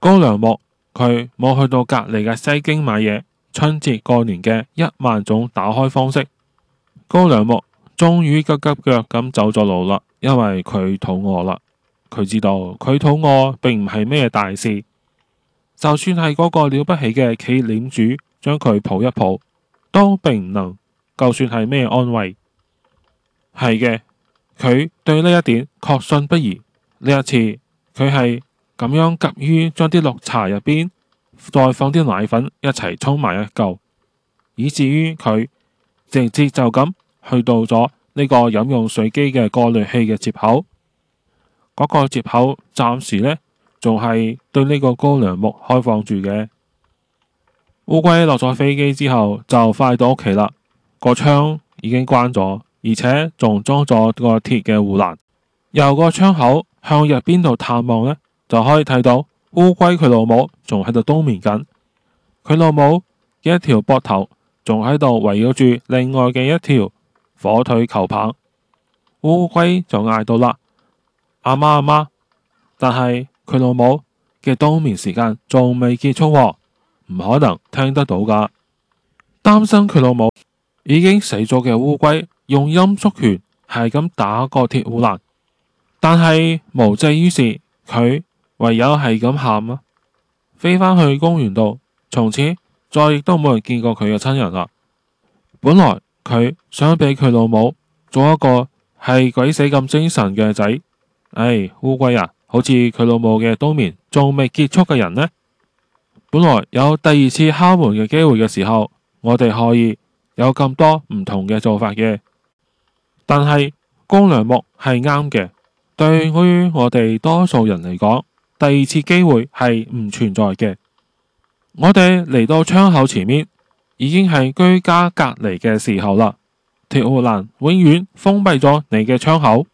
高粱鉬，佢冇去到隔籬嘅西京買嘢。春節過年嘅一萬種打開方式，高粱鉬終於急急腳咁走咗路啦，因為佢肚餓啦。佢知道佢肚餓並唔係咩大事，就算係嗰個了不起嘅企領主將佢抱一抱，都並唔能，就算係咩安慰。係嘅，佢對呢一點確信不疑。呢一次，佢係。咁樣急於將啲綠茶入邊再放啲奶粉一齊沖埋一嚿，以至於佢直接就咁去到咗呢個飲用水機嘅過濾器嘅接口。嗰、那個接口暫時呢，仲係對呢個高粱钼開放住嘅。烏龜落咗飛機之後就快到屋企啦，個窗已經關咗，而且仲裝咗個鐵嘅護欄。由個窗口向入邊度探望呢。就可以睇到烏龜佢老母仲喺度冬眠緊，佢老母嘅一條膊頭仲喺度圍繞住另外嘅一條火腿球棒，烏龜就嗌到啦：阿媽阿媽，媽！但係佢老母嘅冬眠時間仲未結束喎，啊，唔可能聽得到噶。擔心佢老母已經死咗嘅烏龜用音速拳係咁打個鐵護欄，但係無濟於事，佢。唯有係咁喊啦，飛返去公園度，從此再亦都冇人見過佢嘅親人喇。本來佢想俾佢老母做一個係鬼死咁精神嘅仔，唉、哎，烏龜啊，好似佢老母嘅冬眠仲未結束嘅人呢。本來有第二次敲門嘅機會嘅時候，我哋可以有咁多唔同嘅做法嘅，但係高粱鉬係啱嘅，對於我哋多數人嚟講，第二次機會係唔存在嘅。我哋嚟到窗口前面，已經係居家隔離嘅時候啦。鐵護欄永遠封閉咗你嘅窗口。